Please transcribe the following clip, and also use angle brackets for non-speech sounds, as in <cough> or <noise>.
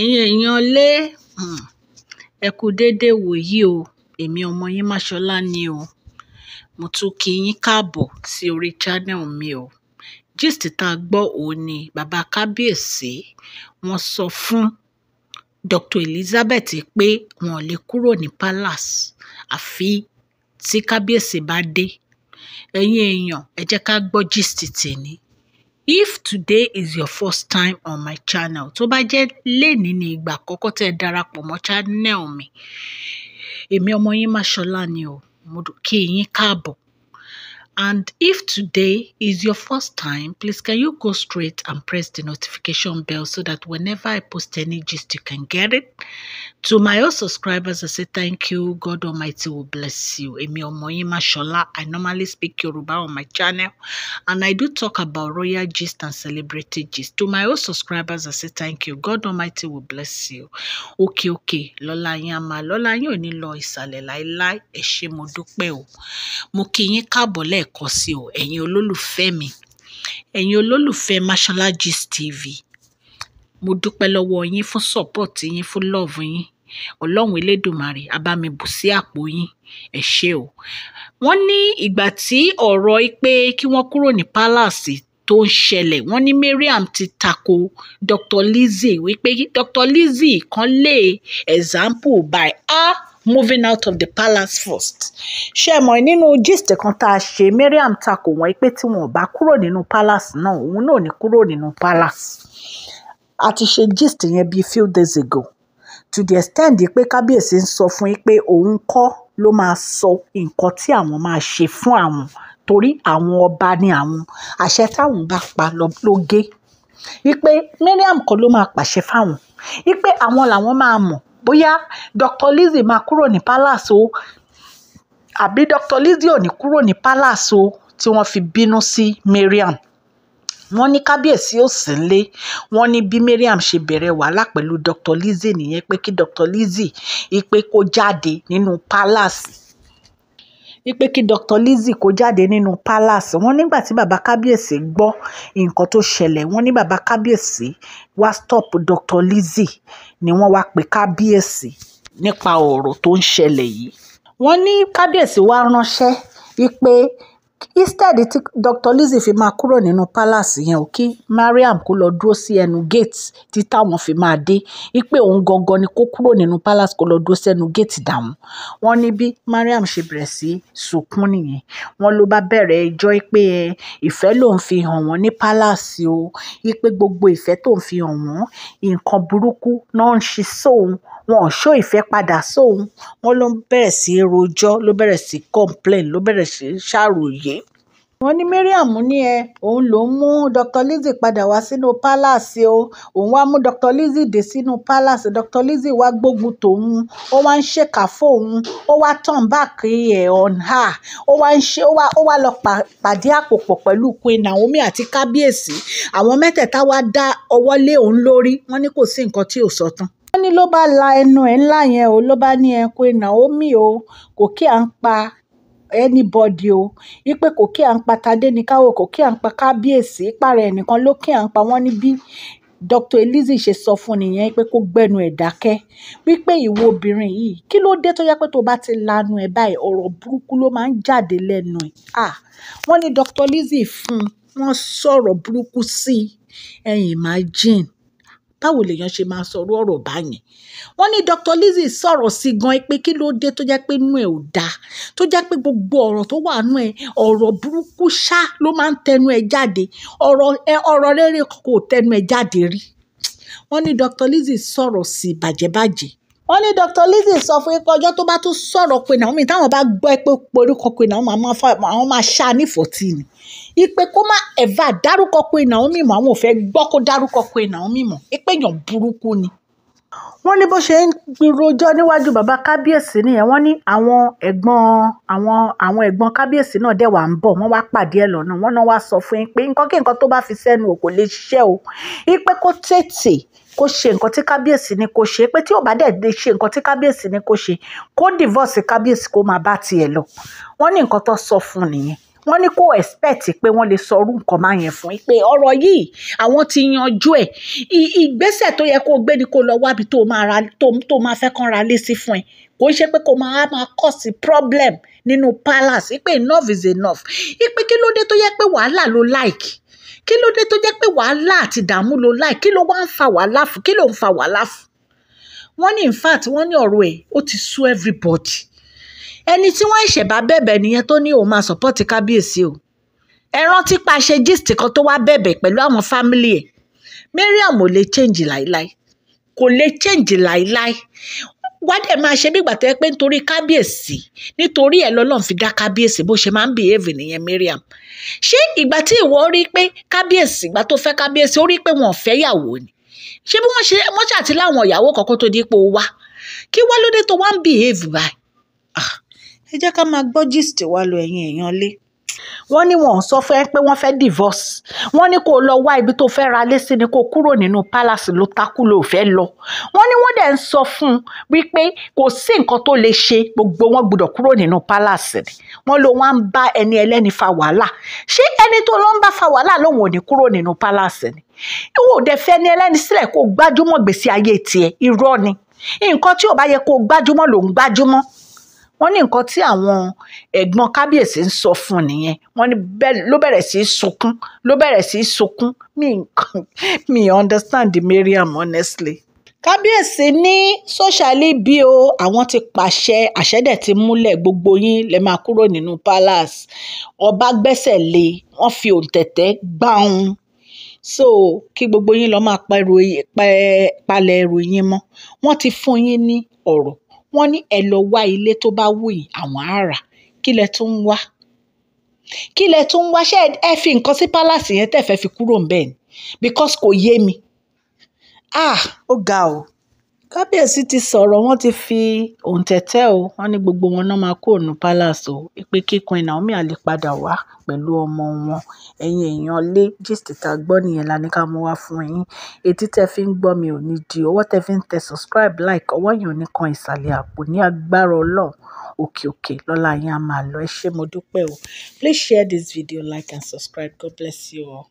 ẹ̀yin èèyàn lé um ẹ kú déédé wòyí o èmi ọmọ yín máṣọlá ni o mo tún kí yín káàbọ̀ sí orí channel mi o gist tá a gbọ́ òun ni bàbá kábíyèsí wọ́n sọ fún Dr Elizabeth pé wọn ò lè kúrò ní palace àfi tí kábíyèsí bá dé ẹ̀yin èèyàn ẹ jẹ́ ká gbọ́ gist tèmi if today is your first time on my channel tó bá jẹ́ lénìí ni ìgbà àkọ́kọ́ tẹ́ ẹ darapọ̀ mọ́ channel mi èmi ọmọ yín Máṣọlá ni o mo kí yín káàbọ̀ And if today is your first time, please can you go straight and press the notification bell so that whenever I post any gist, you can get it. To my old subscribers, I say thank you. God Almighty will bless you. Emi Omoyima Shola. I normally speak Yoruba on my channel, and I do talk about royal gist and celebrity gist. To my old subscribers, I say thank you. God Almighty will bless you. Okay, okay. Lola Yama. Lola Yoni Lo Lai Lai. Eshe Mo o. lẹ́ẹ̀kan sí o ẹ̀yin olólùfẹ́ mi ẹ̀yin olólùfẹ́ Mashola Gist TV mo dúpẹ́ lọ́wọ́ yín fún support yín fún love yín ọlọ́run elédùnmarè á bá mi bù sí àpò yín ẹ ṣé o wọ́n ní ìgbà tí ọ̀rọ̀ pé kí wọ́n kúrò ní palace tó ń ṣẹlẹ̀ wọ́n ní Mariam ti tako Dr. Lizzie wípé Dr. Lizzie kan lè example by her. Ah, moving out of the palace first. ṣé ẹ mọ̀ nínú gist kan tá a ṣe Mariam takò wọ́n pé tí wọn ò bá kúrò nínú palace náà òun náà ní kúrò nínú palace. a ti ṣe gist yẹn bíi few days ago to the extent pé kábíyèsí ń sọ fún yín pé òun kọ́ ló máa sọ nǹkan tí àwọn máa ṣe fún àwọn torí àwọn ọba ni àwọn àṣẹ táwọn bá pa ló gé wípé Mariam kan ló máa pàṣẹ fáwọn wípé àwọn làwọn máa mọ̀ bóyá Dr. Lizzy máa kúrò ní palace o àbí Dr. Lizzy ò ní kúrò ní palace o tí wọ́n fi bínú sí Mariam wọ́n ní kábíyèsí ò sí nlé wọ́n ní bí Mariam ṣe bẹ̀rẹ̀ wàhálà pẹ̀lú Dr. Lizzy nìyẹn pé kí Dr. Lizzy ipe kó jáde nínú palace wípé kí Dr. Lizzie kó jáde nínú palace wọ́n nígbà tí bàbá kábíyèsí gbọ́ nǹkan tó ṣẹlẹ̀ wọ́n ní bàbá kábíyèsí wá stop Dr. Lizzie ni wọ́n wá pe kábíyèsí nípa ọ̀rọ̀ tó ń ṣẹlẹ̀ yìí wọ́n ní kábíyèsí wá ránṣẹ́ wípé instead tí dr lizzy fi máa kúrò nínú palace yẹn ò kí mariam kó lọ dúró sí ẹnu gate tí táwọn fi máa dé ipe òun gangan ni kó kúrò nínú palace kó lọ dúró sẹ́nu gate dàwọn wọn ní bí mariam ṣe bẹ̀rẹ̀ sí sunkún nìyẹn wọn ló bá bẹ̀rẹ̀ ẹjọ́ pé ìfẹ́ lòun fi hàn wọ́n ní palace o ipe gbogbo ìfẹ́ tóun fi hàn wọ́n nǹkan burúkú náà ń ṣe sóun wọn ò ṣó ìfẹ́ padà sóun wọn ló bẹ̀rẹ̀ sí rojọ́ ló bẹ̀rẹ̀ sí complain ló bẹ̀rẹ̀ sí ṣàròyé wọ́n ní mariam ní ẹ òun lòún mú dr lizzy padà wá sínú palace o òun wá mú dr lizzy dé sínú palace dr lizzy wá gbógun tòun ó wá ń ṣèkà fóun ó wá tàn báàkì ẹ̀ on her ó wá ń ṣe ó wá lọ pàdé àpòpọ̀ pẹ̀lú queen naomi àti kábíyèsí àwọn mẹ́tẹ̀ẹ̀ta wá dá ọwọ́ lé òun lórí wọ́n ní kò sí nǹkan tí ò sọ tán wọ́n ní ló bá la ẹnu ẹ̀ ńlá yẹn o ló bá ní ẹ queen naomi o kò kí à ń pa anybody o wípé kò kí à ń pa tadéníkàwò kò kí à ń pa kábíyèsí ìpààrọ̀ ẹnìkan ló kí à ń pa wọ́n níbí dr elizzy ṣe sọ fún nìyẹn pé kó gbẹnu ẹ̀ dákẹ́ wípé ìwọ obìnrin yìí kí ló dé tó yẹ pé tó bá ti lanu ẹ̀ báyìí ọ̀rọ̀ burúkú ló máa ń jáde lẹ́nu ẹ̀ ah wọ́n ní dr lizzy fún un wọ́n sọ̀rọ̀ burúkú sí i imagine báwo lèèyàn ṣe máa sọ̀rọ̀ ọ̀rọ̀ báyẹn wọ́n ní Dr. Lizzie sọ̀rọ̀ sí gan pé kí ló dé tó jẹ́ pé inú ẹ̀ ò dáa tó jẹ́ pé gbogbo ọ̀rọ̀ tó wà nú ẹ̀ ọ̀rọ̀ burúkú ṣá ló máa ń tẹnu ẹ̀ jáde ọ̀rọ̀ ẹ̀ ọ̀rọ̀ rere kò tẹnu ẹ̀ jáde rí wọ́n ní Dr. Lizzie sọ̀rọ̀ sí bàjẹ́bàjẹ́ wọ́n ní Dr. Lizzie sọ fún ikọ̀ ọjọ́ tó bá tún sọ̀rọ̀ Queen Naomi táwọn bá gbọ́ pé orúkọ Queen Naomi àwọn máa ṣá ní fòtí ni ìpè kó má ever dárúkọ Queen Naomi mọ́ àwọn ò fẹ́ gbọ́ kó dárúkọ Queen Naomi mọ́ ìpè yàn burúkú ni wọ́n ní bó ṣe ń rojọ́ níwájú baba kábíyèsí nìyẹn wọ́n ní àwọn ẹ̀gbọ́n àwọn àwọn ẹ̀gbọ́n kábíyèsí náà dẹ̀ wà ń bọ̀ wọ́n wá pàdé ẹ̀ lọ́nà wọ́n náà wá sọ fún yín pé nǹkan kí nǹkan tó bá fi sẹ́nu ò kò lè ṣiṣẹ́ o ipe kó tètè kó ṣe nǹkan tí kábíyèsí ni kó ṣe pé tí ò bá dẹ̀ lè ṣe nǹkan tí kábíyèsí ni kó ṣe kó divorce kábíyèsí kó máa bá tiẹ̀ lọ wọ́n ní nǹkan tó sọ fún nìyẹn wọ́n ní kò expect pé wọ́n lè sọ orú nǹkan máa yẹn fún yín pé ọ̀rọ̀ yìí àwọn ti yanjú ẹ̀ ìgbésẹ̀ tó yẹ kó gbé ni kó lọ wábi tó máa ra tó máa fẹ́ kán ra lé sí fún ẹ kò ń ṣe pé kó máa máa kọ̀ sí problem nínú palace ipe enough is enough ipe kí ló dé tó yẹ pé wàhálà ló like kí ló dé tó jẹ́ pé wàhálà àti ìdààmú ló like kí ló wá ń fa wàhálà fún kí ló ń fa wàhálà fún wọ́n ní in fact wọ́n ní ọ̀rọ̀ ẹ̀ ó ti sú everybody ẹni tí wọ́n ṣẹ̀ bá bẹ̀bẹ̀ nìyẹn tó ní òun máa sọ̀pọ́ọ̀tì kábíyèsí o ẹ rántí pa ṣe gist kan tó wá bẹ̀bẹ̀ pẹ̀lú àwọn fámìlì ẹ̀ Mariam ò lè change láíláí kò lè change láíláí wá dẹ̀ máa ṣe bígbà tẹ́ pé nítorí kábíyèsí nítorí ẹ̀ lọ́lọ́run fi dá kábíyèsí bó ṣe máa ń behave nìyẹn Mariam ṣé ìgbà tí ìwọ rí pé kábíyèsí ìgbà tó fẹ́ kábíyèsí ó rí pé wọn ò fẹ́ yàwó ni ṣé bí wọ́n ṣe wọ́n ṣàtìláwọn ìyàwó kọ̀ọ̀kan tó dípò wá kí wá lóde tó wá ń behave báyìí ẹ jẹ́ ká máa gbọ́ gist wa lọ ẹ̀yin èèyàn lé wọ́n ní wọ́n sọ fẹ́ pé wọ́n fẹ́ divorce wọ́n ní kó lọ wá ibi tó fẹ́ ra lé sí ni kó kúrò nínú palace ló takú ló fẹ́ lọ wọ́n ní wọ́n dẹ̀ ń sọ fún un wípé kò sí nǹkan tó lè ṣe gbogbo wọn gbọ́dọ̀ kúrò nínú palace ni wọ́n ló wá ń bá ẹni ẹlẹ́ni fa wàhálà ṣé ẹni tó lọ ń bá fa wàhálà lòun ò ní kúrò nínú palace ni ìwọ ò dẹ̀ fẹ́ ni ẹlẹ́ni sílẹ̀ kó gbájúmọ̀ gbèsè ayé tiẹ̀ irọ́ ni nǹkan tí ò bá yẹ kó gbájúmọ̀ ló gbájúmọ̀ wọ́n ní nǹkan tí àwọn ẹ̀gbọ́n kábíyèsí ń sọ fún nìyẹn wọ́n ní ló bẹ̀rẹ̀ sí í sunkún ló bẹ̀rẹ̀ sí í sunkún mi <laughs> mi understand Mariam honestly. kábíyèsí ní sọ́ṣàlì bí o àwọn ti pàṣẹ àṣẹ́dẹ̀ ti múlẹ̀ gbogbo yín lè máa kúrò nínú palace ọba gbẹ́sẹ̀ lé wọ́n fi òǹtẹ̀tẹ̀ gbáhùn so kí gbogbo yín lọ máa palẹ̀ ẹrù yín mọ́ wọ́n ti fún yín ní ọ̀rọ̀ wọ́n ní ẹ lọ wá ilé tó bá wù yín àwọn á rà kí lẹ tún ń wá kí lẹ tún ń wá ṣé ẹ fi nǹkan sí pálásì yẹn tẹ́ fẹ́ fi kúrò ń bẹ̀ ni because kò yé mi ah ó ga o kábíyèsí ti sọ̀rọ̀ wọ́n ti fi òǹtẹ̀tẹ̀ o wọ́n ní gbogbo wọn náà máa kúrò ní palace o pé kí Queen Naomi àlè padà wá pẹ̀lú ọmọ wọn ẹ̀yin èèyàn lé gist tá a gbọ́ nìyẹn la ní ká mú wá fún yín etí tẹ́ fi ń gbọ́ mi ò ní di ọwọ́ tẹ́ fi ń tẹ subscribe like ọwọ́ yẹn ò ní kan ìsàlẹ̀ àpò ní agbára ọlọ́run òkè òkè lọ́la yẹn a máa lọ ẹ ṣé mo dúpẹ́ o please share this video like and subscribe god bless you all.